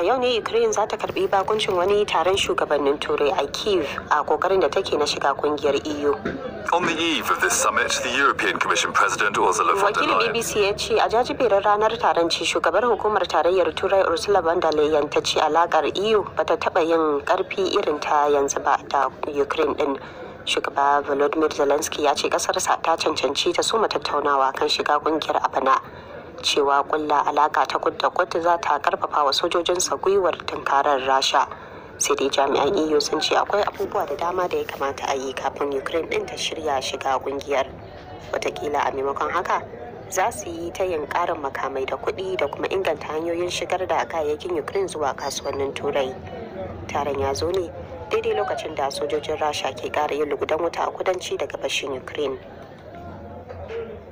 a yau ne ukraine za ta karbi bakuncin wani taron shugabannin turai a kiev a kokarin da take na shiga kungiyar eu On the eve of this summit, the European Commission President Ursula von Wakilin BBC ya ce a jajiberin ranar taron ce shugabar hukumar tarayyar Turai Ursula von der Leyen ta ce alakar EU bata taba yin karfi irin ta yanzu ba da Ukraine din. Shugaba Volodymyr Zelensky ya ce kasarsa ta cancanci ta suma tattaunawa kan shiga kungiyar a cewa kulla alaka ta kudda da za ta karfafa wa sojojinsa gwiwar tunkarar rasha sai dai jami'an eu sun ce akwai abubuwa da dama da ya kamata a yi kafin ukraine ɗin ta shirya shiga kungiyar watakila a maimakon haka za su yi ta yin ƙarin makamai da kuɗi da kuma inganta hanyoyin shigar da kayayyakin ukraine zuwa kasuwannin turai taron ya zo ne daidai lokacin da sojojin rasha ke ƙara yin lugudan wuta a kudanci da gabashin ukraine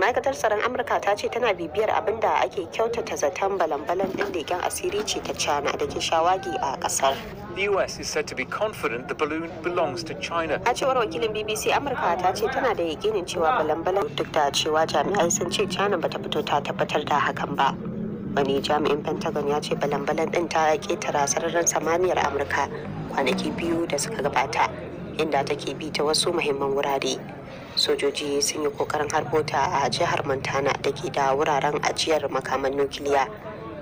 ma'aikatar tsaron amurka ta ce tana bibiyar abin da ake kyautata zaton balan din ɗin leƙen asiri ce ta china da ke shawagi a kasar. The US is said to be confident the balloon belongs to China. A cewar wakilin BBC Amurka ta ce tana da yakinin cewa balan-balan duk da cewa jami'ai sun ce China bata fito ta tabbatar da hakan ba. Wani jami'in Pentagon ya ce balan-balan ɗin ta ƙetara sararin samaniyar Amurka kwanaki biyu da suka gabata. inda take bi ta wasu muhimman wurare sojoji sun yi kokarin harbota a jihar montana da ke da wuraren ajiyar makaman nukiliya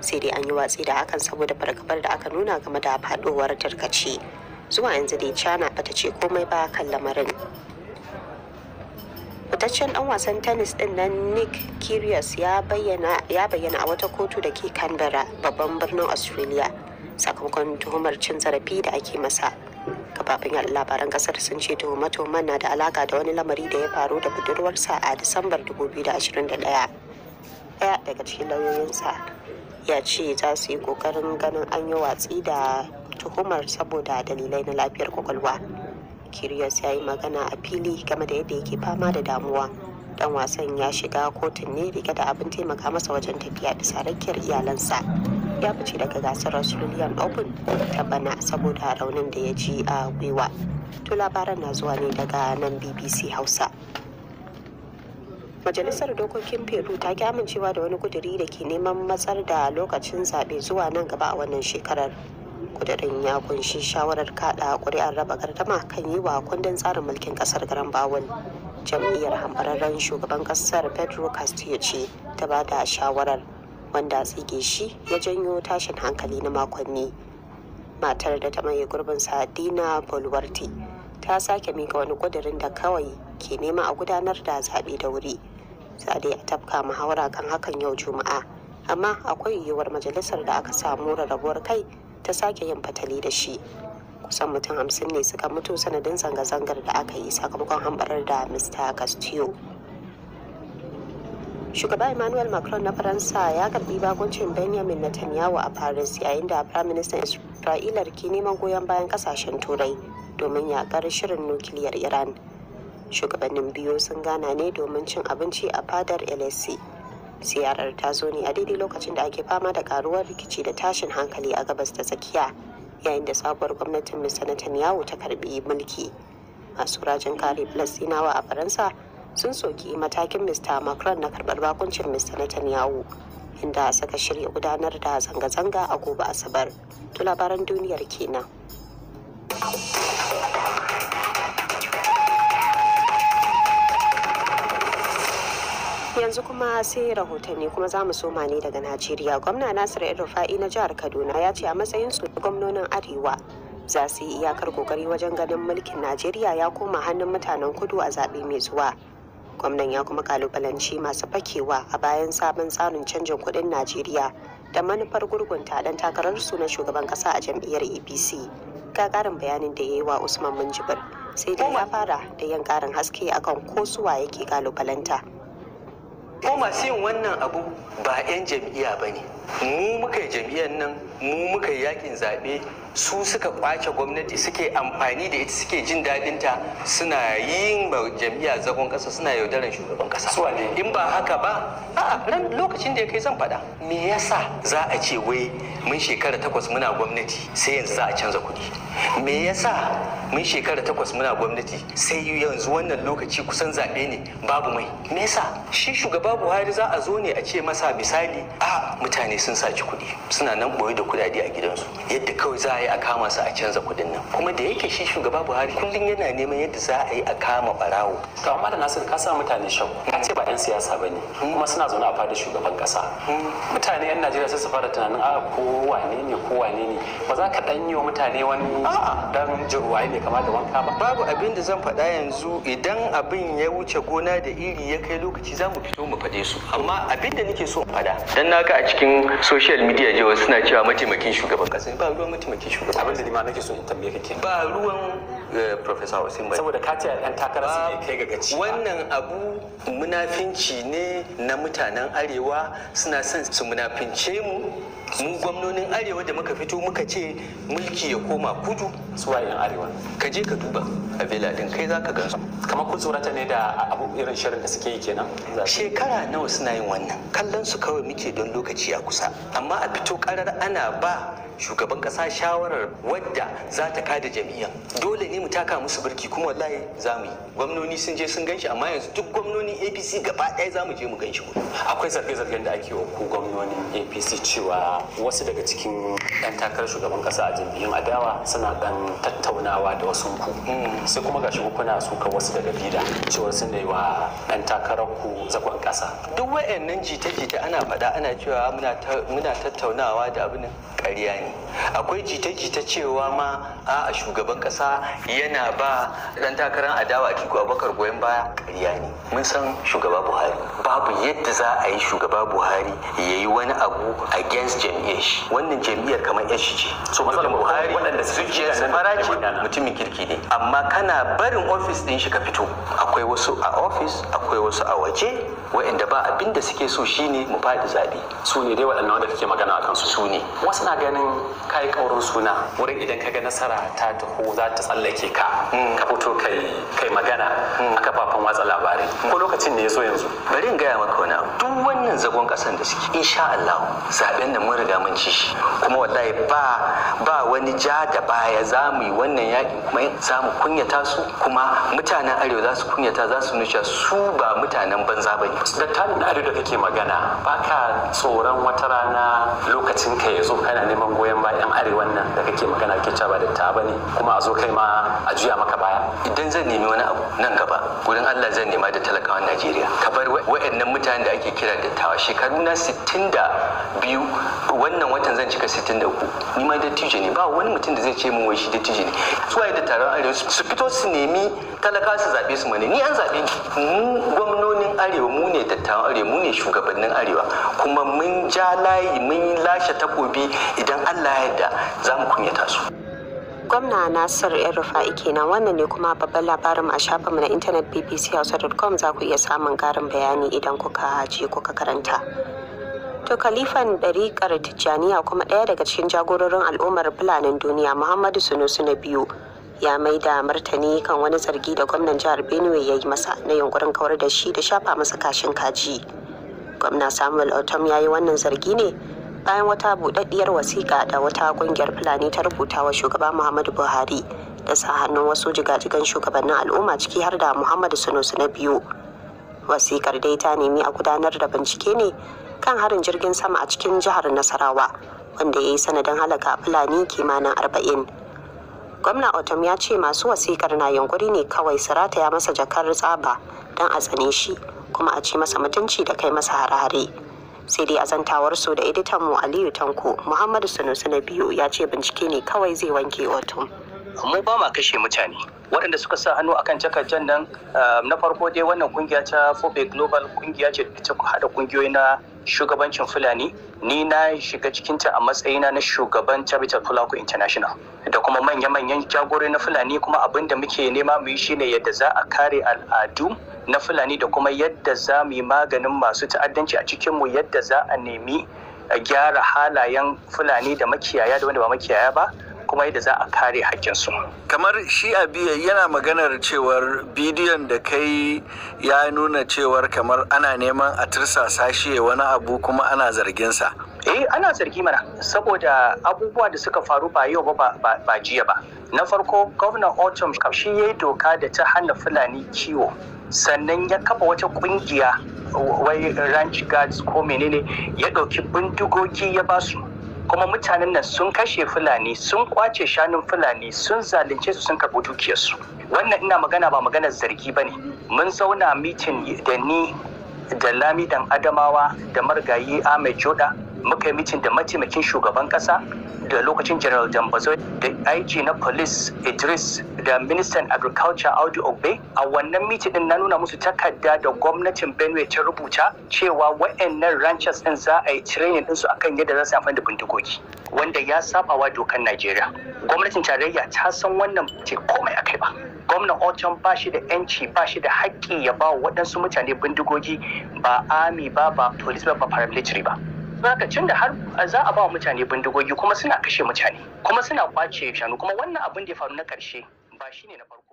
sai dai an yi watsi da hakan saboda fargabar da aka nuna game da faɗowar tarkace zuwa yanzu dai china bata ce komai ba kan lamarin fitaccen dan wasan tennis din nan nick kirius ya bayyana a wata kotu da ke canberra babban birnin australia sakamakon tuhumar cin zarafi da ake masa kafafen labaran kasar sun ce tuhume-tuhumen na da alaka da wani lamari da ya faru da budurwarsa a disambar 2021 ɗaya daga cikin lauyoyinsa ya ce za su yi kokarin ganin an yi watsi da tuhumar saboda dalilai na lafiyar kwakwalwa Kirios ya yi magana a fili game da yadda yake fama da damuwa dan wasan ya shiga kotun ne rike da abin taimaka masa wajen tafiya da rakiyar iyalansa ya fice daga gasar australian open ta bana saboda raunin da ya ji a gwiwa to labaran na zuwa ne daga nan bbc hausa majalisar dokokin peru ta ki amincewa da wani kuduri da ke neman matsar da lokacin zaɓe zuwa nan gaba a wannan shekarar kudirin ya kunshi shawarar kada kuri'ar raba gardama kan yi wa kundin tsarin mulkin kasar garan bawon jam'iyyar hambararren shugaban kasar pedro castillo ce ta ba da shawarar wanda tsige shi ya janyo tashin hankali na makonni matar da ta maye gurbin dina bolwarti ta sake mika wani kudirin da kawai ke nema a gudanar da zaɓe da wuri sadai a tafka muhawara kan hakan yau juma'a amma akwai yiwuwar majalisar da aka samu rarrabuwar kai ta sake yin fatali da shi kusan mutum hamsin ne suka mutu sanadin zanga-zangar da aka yi sakamakon hambarar da mr castillo shugaba emmanuel macron na faransa ya karbi bagoncin benjamin netanyahu a paris yayin da firaministan isra'ila ke neman goyon bayan kasashen turai domin yakar shirin nukiliyar iran shugabannin biyu sun gana ne domin cin abinci a fadar lsc ziyarar ta zo ne a daidai lokacin da ake fama da karuwar rikici da tashin hankali a gabas da tsakiya yayin da sabuwar gwamnatin mr netanyahu ta karbi mulki masu rajin kare falastinawa a faransa sun soki matakin mr macron na karbar bakuncin mr netanyahu inda suka shirya gudanar da zanga-zanga a gobe asabar to labaran duniyar kenan yanzu kuma sai rahotanni kuma za mu soma ne daga najeriya gwamna nasir el-rufa'i na jihar kaduna ya ce a matsayin su gwamnonin arewa za su yi iyakar kokari wajen ganin mulkin najeriya ya koma hannun mutanen kudu a zaɓe mai zuwa gwamnan ya kuma kalubalanci masu fakewa a bayan sabon tsarin canjin kuɗin najeriya da manufar gurgunta dan takararsu na shugaban kasa a jam'iyyar apc ga karin bayanin da ya yi wa usman munjibir sai dai ya fara da yin karin haske akan ko suwa yake kalubalanta ko masu yin wannan abu ba 'yan jam'iyya ba ne mu muka yi jam'iyyar nan mu muka yi yakin zaɓe su suka kwace gwamnati suke amfani da ita suke jin daɗin suna yin jam'iyyar zagon ƙasa suna yaudaran shugaban ƙasa in ba haka ba a ran lokacin da ya kai zan faɗa me yasa za a ce wai mun shekara takwas muna gwamnati sai yanzu za a canza kuɗi me yasa mun shekara takwas muna gwamnati sai yanzu wannan lokaci kusan zaɓe ne babu mai me yasa shi shugaba buhari za a zo ne a ce masa misali a mutane sun saci kuɗi suna nan ɓoye da kudade a gidansu yadda kawai za a yi a kama su a canza kudin nan kuma da yake shi shugaba buhari kullum yana neman yadda za a yi a kama barawo to amma da nasir ka sa mutane shakku ka ce ba yan siyasa ba ne hmm. kuma suna zaune a fadar shugaban kasa hmm. mutane yan najeriya sai su fara tunanin a ko wane ne ko wane ne ba za ka dan yi wa mutane wani dan jirwaye ne kamar da wanka ba babu abin da zan faɗa yanzu idan abin ya wuce gona da iri ya kai lokaci za mu fito mu faɗe su amma abin da nake so in faɗa dan naka a cikin social media jewa suna cewa mataimakin shugaban kasa ba ruwan mataimakin shugaban abinda da ni ma nake so in tambaye ka kenan ba ruwan eh, professor Osimhen saboda ka ce yan takara su kai ga gaci wannan abu munafinci ne na mutanen arewa suna son su munafince mu mu gwamnonin arewa da muka fito muka ce mulki ya koma kudu suwa yin arewa ka je ka duba a villa din kai zaka gansu kamar kun tsorata ne da abu irin shirin da suke yi kenan shekara nawa suna yin wannan kallon su kawai muke don lokaci a kusa amma a fito karar ana ba shugaban kasa shawarar wadda za ta kada jami'an dole ne mu taka musu birki kuma wallahi za mu yi gwamnoni sun je sun ganshi amma yanzu duk gwamnonin apc gaba ɗaya za mu je mu ganshi akwai zarge-zargen da ake wa ku gwamnonin apc cewa wasu daga cikin 'yan takarar shugaban kasa a jam'iyyun adawa suna dan tattauna tattaunawa da wasu ku hmm, sai kuma gashi ku kuna suka wasu daga bida cewar sun da yi wa ɗan takarar ku zagon ƙasa duk wayannan jita-jita ana faɗa ana cewa muna tattaunawa da abin ƙarya ne akwai jita-jita cewa ma a shugaban ƙasa yana ba ɗan takarar adawa Atiku Abubakar goyon baya ƙarya ne mun san shugaba Buhari babu yadda za a yi shugaba Buhari ya yi wani abu against jam'iyyar shi wannan jam'iyyar kamar yashi ce so matsalar Buhari waɗanda su je su fara ce mutumin kirki ne amma kana barin ofis din shi ka fito akwai wasu a ofis akwai wasu a waje wa'anda ba abin da suke so shine mu faɗi zaɓe su ne dai waɗannan wanda kake magana a kansu su ne wasu na ganin kai ƙaurin suna wurin idan ka ga nasara ta taho za ta tsallake ka mm. ka fito kai magana mm. kafafen watsa labarai ko lokacin da ya so yanzu bari in gaya maka wani abu duk wannan zagon kasan da suke sha Allah zaben da mun riga mun ci shi kuma wallahi ba ba wani ja da baya za yi wannan yaki kuma za mu kunyata su kuma mutanen arewa za su kunyata za su nuna su ba mutanen banza ba ne. da tarin arewa da kake magana ba ka tsoron wata rana lokacin ka ya zo kana neman goyon bayan arewan nan da kake magana ke ba da ta ne kuma a zo kai ma a juya maka baya idan zan nemi wani abu nan gaba gurin Allah zan nema da talakawan Najeriya ka bar wa'annan mutanen da ake kira dattawa shekaru na sittin da biyu wannan watan zan cika sittin da uku ni ma dattijo ne ba wani mutum da zai ce min wai shi dattijo ne suwaye da taron arewa su fito su nemi talaka su zaɓe su mana ni an zaɓe mu gwamnonin arewa mu ne dattawan arewa mu ne shugabannin arewa kuma mun ja layi mun lashe takobi idan allah ya yarda za mu kunyata su gwamna nasir yan rufa'i kenan wannan ne kuma babban labarin a mu na intanet bbchausa.com za ku iya samun karin bayani idan kuka je kuka karanta to kalifan dariƙar tijjaniya kuma ɗaya daga cikin jagororin al'ummar fulanin duniya muhammadu sunusu na biyu ya mai da martani kan wani zargi da gwamnan jihar benue ya yi masa na yunkurin kawar da shi da shafa masa kashin kaji gwamna samuel otom ya yi wannan zargi ne bayan wata buɗaɗɗiyar wasiƙa da wata ƙungiyar fulani ta rubuta wa shugaba muhammadu buhari da sa hannun wasu jigajigan shugabannin al'umma ciki har da muhammadu sunusu na biyu Wasiƙar dai ta nemi a gudanar da bincike ne kan harin jirgin sama a cikin jihar nasarawa wanda ya yi sanadin halaka fulani kimanin arba'in gwamna otom ya ce masu wasikar na yunkuri ne kawai su rataya masa jakar tsaba don a tsane shi kuma a ci masa mutunci da kai masa harare sai dai azantawar su da editan mu aliyu tanko muhammadu sanusi na biyu ya ce bincike ne kawai zai wanke otom mu ba ma kashe mutane waɗanda suka sa hannu akan jan nan ah, na farko dai wannan kungiya ta fobe global kungiya ce ta hada kungiyoyi na shugabancin fulani ni na shiga cikinta a matsayina na shugaban capital fulako international da kuma manya-manyan jagore na fulani kuma abin da muke nema mu yi shine yadda za a kare al'adu na fulani da kuma yadda za mu yi maganin masu ta'addanci a cikinmu yadda za a nemi a gyara halayen fulani da makiyaya da wanda ba makiyaya ba kuma yadda za a kare hakkin su. kamar shi abiya yana maganar cewar bidiyon da kai ya nuna cewar kamar ana neman a tursasa shi wani abu kuma ana zarginsa eh ana zargi mana saboda abubuwa da suka faru ba yau ba ba jiya ba na farko gwamnan autumn shi ya yi doka da ta hana fulani kiwo sannan ya kafa wata kungiya wai ranch guards ko menene ya dauki bindigogi ya basu kuma mutanen nan sun kashe fulani sun kwace shanun fulani sun zalunce su sun karɓi dukiyarsu wannan ina magana ba maganar zargi ba ne mun zauna mitin da ni da lami dan adamawa da margayi mai joda muka yi mitin da mataimakin shugaban kasa da lokacin general dambazo da IG na police idris da ministan agriculture audu ogbe a wannan mitin din na nuna musu takarda da gwamnatin benue ta rubuta cewa wa'annan ranchers din za a yi training din su akan yadda za su amfani da bindigogi wanda ya sabawa dokar najeriya gwamnatin tarayya ta san wannan ce komai akai ba gwamnan otom ba shi da yanci ba shi da haƙƙi ya ba waɗansu mutane bindigogi ba ami ba ba police ba ba paramilitary ba haka cin da har za a ba wa mutane bindigogi kuma suna kashe mutane kuma suna kwace shanu kuma wannan abin da ya faru na ƙarshe ba shine na farko